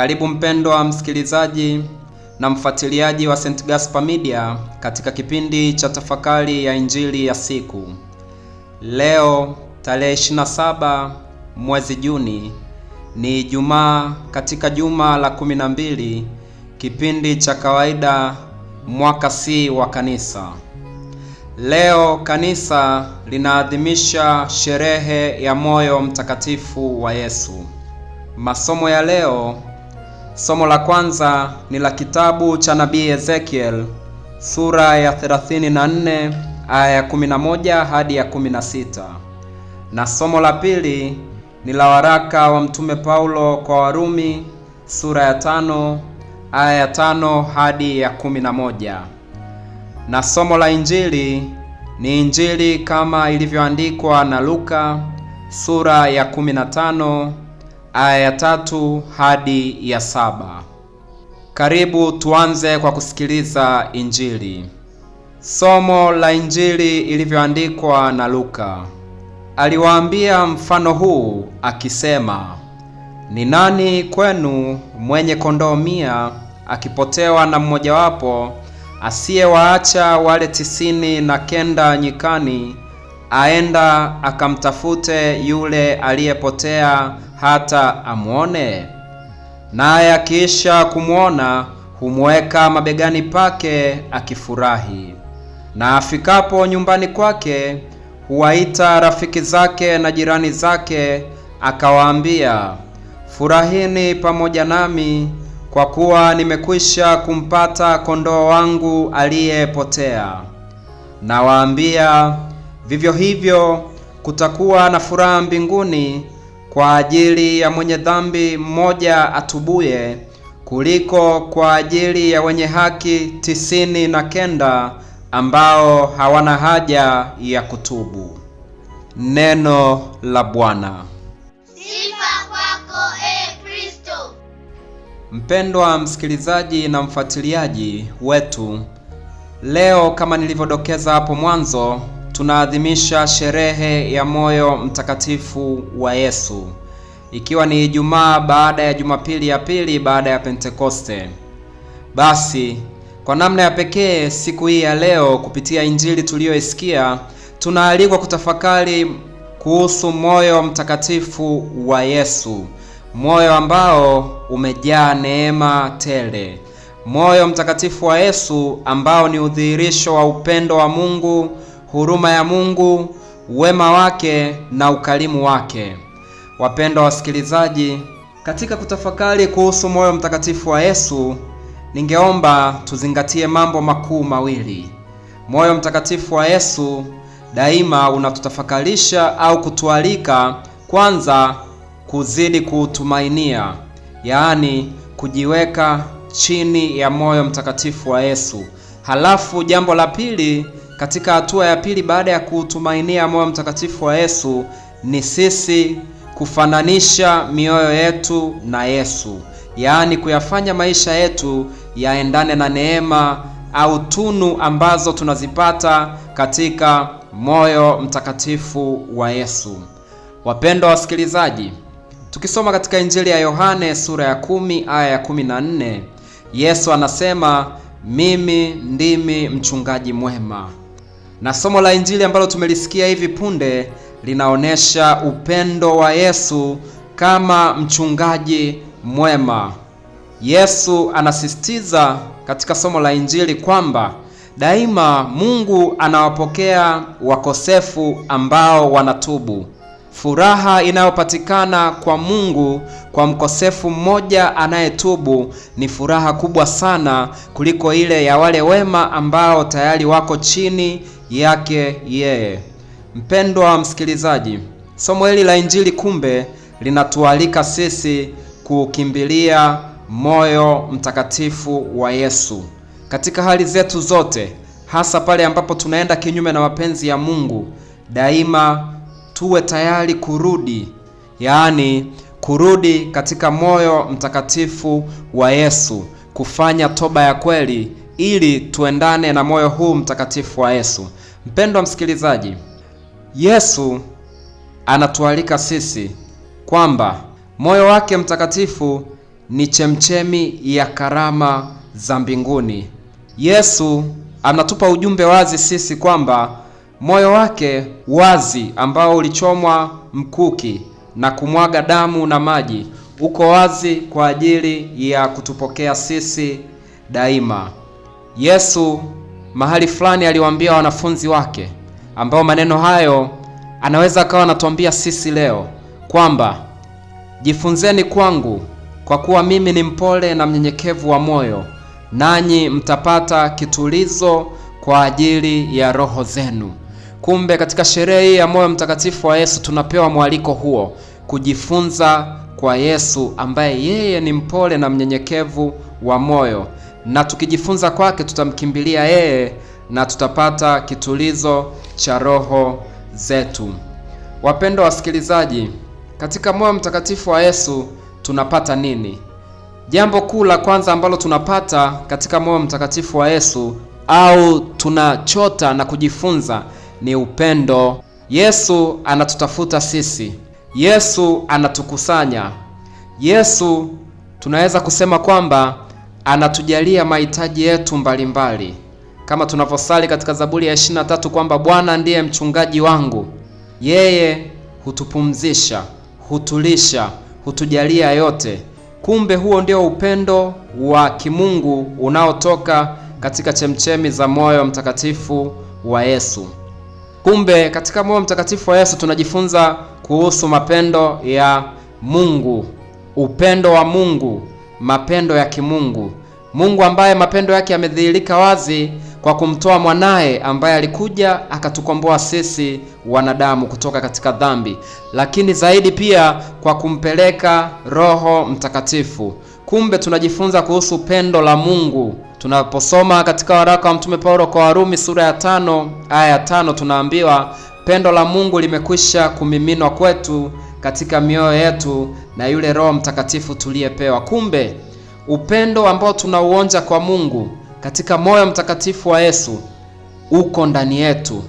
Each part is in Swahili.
Karibu mpendwa msikilizaji na mfuatiliaji wa St. Gaspar Media katika kipindi cha tafakari ya injili ya siku. Leo tarehe 27 mwezi Juni ni Ijumaa katika juma la 12 kipindi cha kawaida mwaka C wa kanisa. Leo kanisa linaadhimisha sherehe ya moyo mtakatifu wa Yesu. Masomo ya leo Somo la kwanza ni la kitabu cha nabii Ezekiel sura ya 34 aya ya 11 hadi ya 16, na somo la pili ni la waraka wa mtume Paulo kwa Warumi sura ya tano aya ya tano hadi ya 11, na somo la injili ni injili kama ilivyoandikwa na Luka sura ya 15 aya ya tatu hadi ya saba. Karibu tuanze kwa kusikiliza Injili. Somo la Injili ilivyoandikwa na Luka. Aliwaambia mfano huu akisema, ni nani kwenu mwenye kondoo mia akipotewa na mmojawapo asiyewaacha wale tisini na kenda nyikani aenda akamtafute yule aliyepotea hata amwone. Naye akiisha kumwona humweka mabegani pake akifurahi, na afikapo nyumbani kwake huwaita rafiki zake na jirani zake, akawaambia, furahini pamoja nami, kwa kuwa nimekwisha kumpata kondoo wangu aliyepotea. Nawaambia Vivyo hivyo kutakuwa na furaha mbinguni kwa ajili ya mwenye dhambi mmoja atubuye kuliko kwa ajili ya wenye haki tisini na kenda ambao hawana haja ya kutubu. Neno la Bwana. Sifa kwako e Kristo. Mpendwa msikilizaji na mfuatiliaji wetu, leo kama nilivyodokeza hapo mwanzo Tunaadhimisha sherehe ya moyo mtakatifu wa Yesu, ikiwa ni Ijumaa baada ya Jumapili ya pili baada ya Pentekoste. Basi kwa namna ya pekee siku hii ya leo, kupitia injili tuliyoisikia, tunaalikwa kutafakari kuhusu moyo mtakatifu wa Yesu, moyo ambao umejaa neema tele, moyo mtakatifu wa Yesu ambao ni udhihirisho wa upendo wa Mungu huruma ya Mungu, wema wake na ukarimu wake. Wapendwa wasikilizaji, katika kutafakari kuhusu moyo mtakatifu wa Yesu, ningeomba tuzingatie mambo makuu mawili. Moyo mtakatifu wa Yesu daima unatutafakarisha au kutualika kwanza kuzidi kuutumainia, yaani kujiweka chini ya moyo mtakatifu wa Yesu. Halafu jambo la pili katika hatua ya pili baada ya kuutumainia moyo mtakatifu wa Yesu ni sisi kufananisha mioyo yetu na Yesu, yaani kuyafanya maisha yetu yaendane na neema au tunu ambazo tunazipata katika moyo mtakatifu wa Yesu. Wapendwa wasikilizaji, tukisoma katika Injili ya Yohane sura ya kumi aya ya kumi na nne Yesu anasema, mimi ndimi mchungaji mwema na somo la Injili ambalo tumelisikia hivi punde linaonyesha upendo wa Yesu kama mchungaji mwema. Yesu anasisitiza katika somo la Injili kwamba daima Mungu anawapokea wakosefu ambao wanatubu. Furaha inayopatikana kwa Mungu kwa mkosefu mmoja anayetubu ni furaha kubwa sana kuliko ile ya wale wema ambao tayari wako chini yake yeye. Mpendwa msikilizaji, somo hili la Injili kumbe linatualika sisi kukimbilia moyo mtakatifu wa Yesu katika hali zetu zote, hasa pale ambapo tunaenda kinyume na mapenzi ya Mungu. Daima tuwe tayari kurudi, yaani kurudi katika moyo mtakatifu wa Yesu, kufanya toba ya kweli ili tuendane na moyo huu mtakatifu wa Yesu. Mpendwa msikilizaji, Yesu anatualika sisi kwamba moyo wake mtakatifu ni chemchemi ya karama za mbinguni. Yesu anatupa ujumbe wazi sisi kwamba moyo wake wazi ambao ulichomwa mkuki na kumwaga damu na maji uko wazi kwa ajili ya kutupokea sisi daima. Yesu mahali fulani aliwaambia wanafunzi wake, ambao maneno hayo anaweza akawa anatuambia sisi leo kwamba jifunzeni kwangu, kwa kuwa mimi ni mpole na mnyenyekevu wa moyo, nanyi mtapata kitulizo kwa ajili ya roho zenu. Kumbe katika sherehe hii ya Moyo Mtakatifu wa Yesu tunapewa mwaliko huo, kujifunza kwa Yesu ambaye yeye ni mpole na mnyenyekevu wa moyo na tukijifunza kwake tutamkimbilia yeye na tutapata kitulizo cha roho zetu. Wapendwa wasikilizaji, katika moyo mtakatifu wa Yesu tunapata nini? Jambo kuu la kwanza ambalo tunapata katika moyo mtakatifu wa Yesu au tunachota na kujifunza ni upendo. Yesu anatutafuta sisi, Yesu anatukusanya, Yesu tunaweza kusema kwamba anatujalia mahitaji yetu mbalimbali kama tunavyosali katika Zaburi ya 23 kwamba Bwana ndiye mchungaji wangu, yeye hutupumzisha, hutulisha, hutujalia yote. Kumbe huo ndio upendo wa kimungu unaotoka katika chemchemi za moyo mtakatifu wa Yesu. Kumbe katika moyo mtakatifu wa Yesu tunajifunza kuhusu mapendo ya Mungu, upendo wa Mungu, mapendo ya kimungu. Mungu ambaye mapendo yake yamedhihirika wazi kwa kumtoa mwanaye ambaye alikuja akatukomboa sisi wanadamu kutoka katika dhambi, lakini zaidi pia kwa kumpeleka Roho Mtakatifu. Kumbe tunajifunza kuhusu pendo la Mungu tunaposoma katika waraka wa Mtume Paulo kwa Warumi sura ya tano aya ya tano tunaambiwa pendo la Mungu limekwisha kumiminwa kwetu katika mioyo yetu na yule Roho Mtakatifu tuliyepewa. Kumbe upendo ambao tunauonja kwa Mungu katika moyo mtakatifu wa Yesu uko ndani yetu.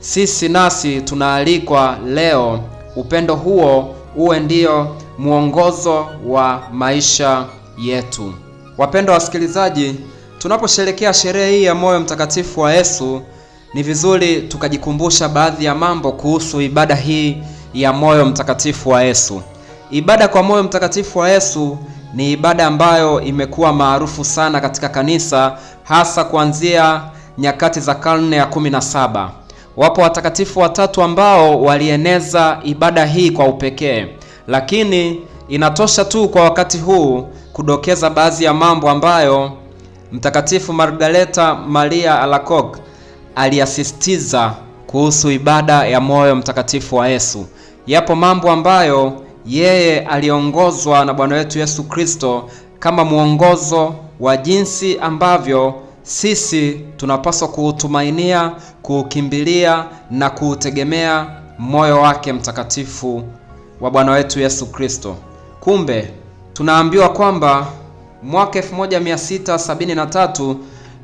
Sisi nasi tunaalikwa leo upendo huo uwe ndiyo mwongozo wa maisha yetu. Wapendwa wasikilizaji, tunaposherekea sherehe hii ya moyo mtakatifu wa Yesu, ni vizuri tukajikumbusha baadhi ya mambo kuhusu ibada hii ya moyo mtakatifu wa Yesu. Ibada kwa moyo mtakatifu wa Yesu ni ibada ambayo imekuwa maarufu sana katika kanisa hasa kuanzia nyakati za karne ya 17. na Wapo watakatifu watatu ambao walieneza ibada hii kwa upekee, lakini inatosha tu kwa wakati huu kudokeza baadhi ya mambo ambayo Mtakatifu Margareta Maria Alacog aliasisitiza kuhusu ibada ya moyo mtakatifu wa Yesu. Yapo mambo ambayo yeye aliongozwa na Bwana wetu Yesu Kristo kama mwongozo wa jinsi ambavyo sisi tunapaswa kuutumainia, kuukimbilia na kuutegemea moyo wake mtakatifu wa Bwana wetu Yesu Kristo. Kumbe tunaambiwa kwamba mwaka 1673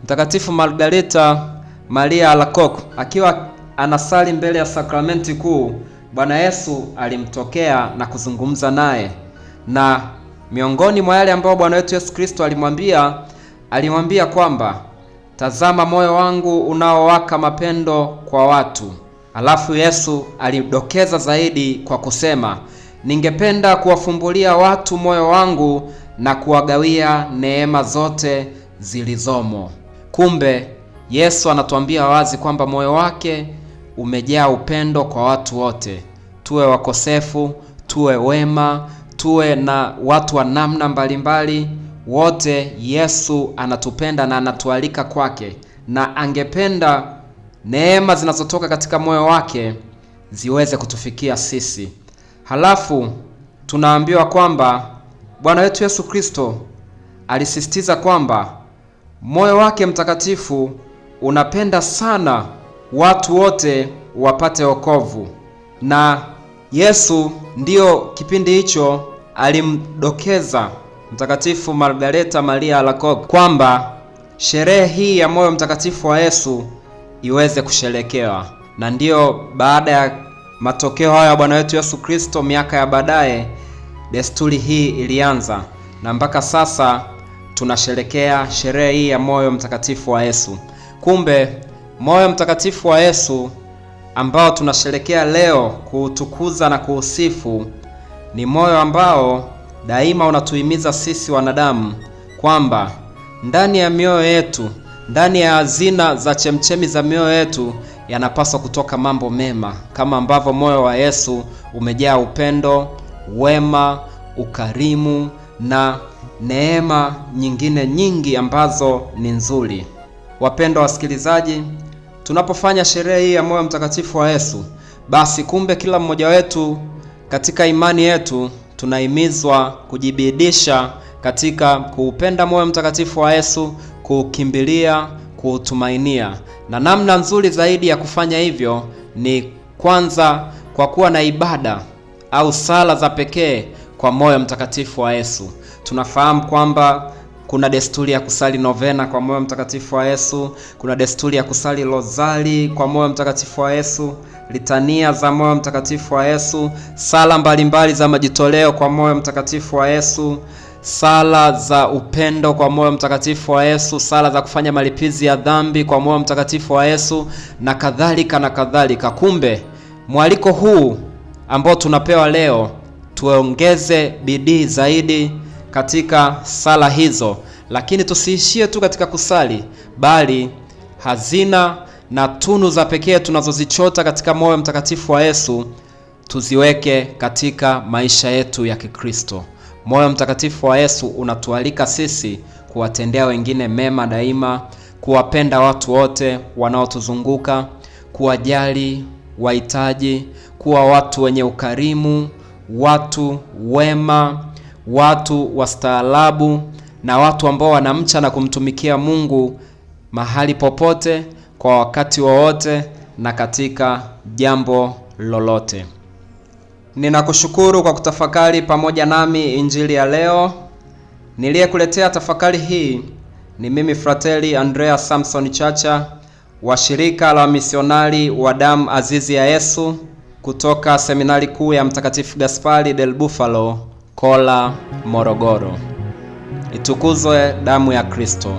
Mtakatifu Margarita Maria Alacoque akiwa anasali mbele ya sakramenti kuu Bwana Yesu alimtokea na kuzungumza naye, na miongoni mwa yale ambayo Bwana wetu Yesu Kristo alimwambia, alimwambia kwamba tazama, moyo wangu unaowaka mapendo kwa watu. Alafu Yesu alidokeza zaidi kwa kusema, ningependa kuwafumbulia watu moyo wangu na kuwagawia neema zote zilizomo. Kumbe Yesu anatuambia wazi kwamba moyo wake umejaa upendo kwa watu wote, tuwe wakosefu, tuwe wema, tuwe na watu wa namna mbalimbali, wote Yesu anatupenda na anatualika kwake, na angependa neema zinazotoka katika moyo wake ziweze kutufikia sisi. Halafu tunaambiwa kwamba Bwana wetu Yesu Kristo alisisitiza kwamba moyo wake mtakatifu unapenda sana watu wote wapate wokovu. Na Yesu ndiyo kipindi hicho alimdokeza Mtakatifu Margareta Maria Alacoque kwamba sherehe hii ya moyo mtakatifu wa Yesu iweze kusherekewa, na ndiyo baada ya matokeo hayo ya Bwana wetu Yesu Kristo miaka ya baadaye, desturi hii ilianza na mpaka sasa tunasherekea sherehe hii ya moyo mtakatifu wa Yesu. Kumbe Moyo mtakatifu wa Yesu ambao tunasherekea leo kuutukuza na kuusifu ni moyo ambao daima unatuhimiza sisi wanadamu kwamba ndani ya mioyo yetu, ndani ya hazina za chemchemi za mioyo yetu yanapaswa kutoka mambo mema, kama ambavyo moyo wa Yesu umejaa upendo, wema, ukarimu na neema nyingine nyingi ambazo ni nzuri. Wapendwa wasikilizaji, tunapofanya sherehe hii ya moyo mtakatifu wa Yesu, basi kumbe kila mmoja wetu katika imani yetu tunahimizwa kujibidisha katika kuupenda moyo mtakatifu wa Yesu, kuukimbilia, kuutumainia. Na namna nzuri zaidi ya kufanya hivyo ni kwanza kwa kuwa na ibada au sala za pekee kwa moyo mtakatifu wa Yesu. Tunafahamu kwamba kuna desturi ya kusali novena kwa moyo mtakatifu wa Yesu. Kuna desturi ya kusali rozari kwa moyo mtakatifu wa Yesu, litania za moyo mtakatifu wa Yesu, sala mbalimbali za majitoleo kwa moyo mtakatifu wa Yesu, sala za upendo kwa moyo mtakatifu wa Yesu, sala za kufanya malipizi ya dhambi kwa moyo mtakatifu wa Yesu na kadhalika na kadhalika. Kumbe mwaliko huu ambao tunapewa leo, tuongeze bidii zaidi katika sala hizo, lakini tusiishie tu katika kusali, bali hazina na tunu za pekee tunazozichota katika moyo mtakatifu wa Yesu tuziweke katika maisha yetu ya Kikristo. Moyo mtakatifu wa Yesu unatualika sisi kuwatendea wengine mema daima, kuwapenda watu wote wanaotuzunguka, kuwajali wahitaji, kuwa watu wenye ukarimu, watu wema watu wastaarabu na watu ambao wanamcha na kumtumikia Mungu mahali popote kwa wakati wowote na katika jambo lolote. Ninakushukuru kwa kutafakari pamoja nami injili ya leo. Niliyekuletea tafakari hii ni mimi Frateli Andrea Samson Chacha wa shirika la misionari wa damu azizi ya Yesu kutoka seminari kuu ya Mtakatifu Gaspari del Bufalo Kola, Morogoro. Itukuzwe damu ya Kristo!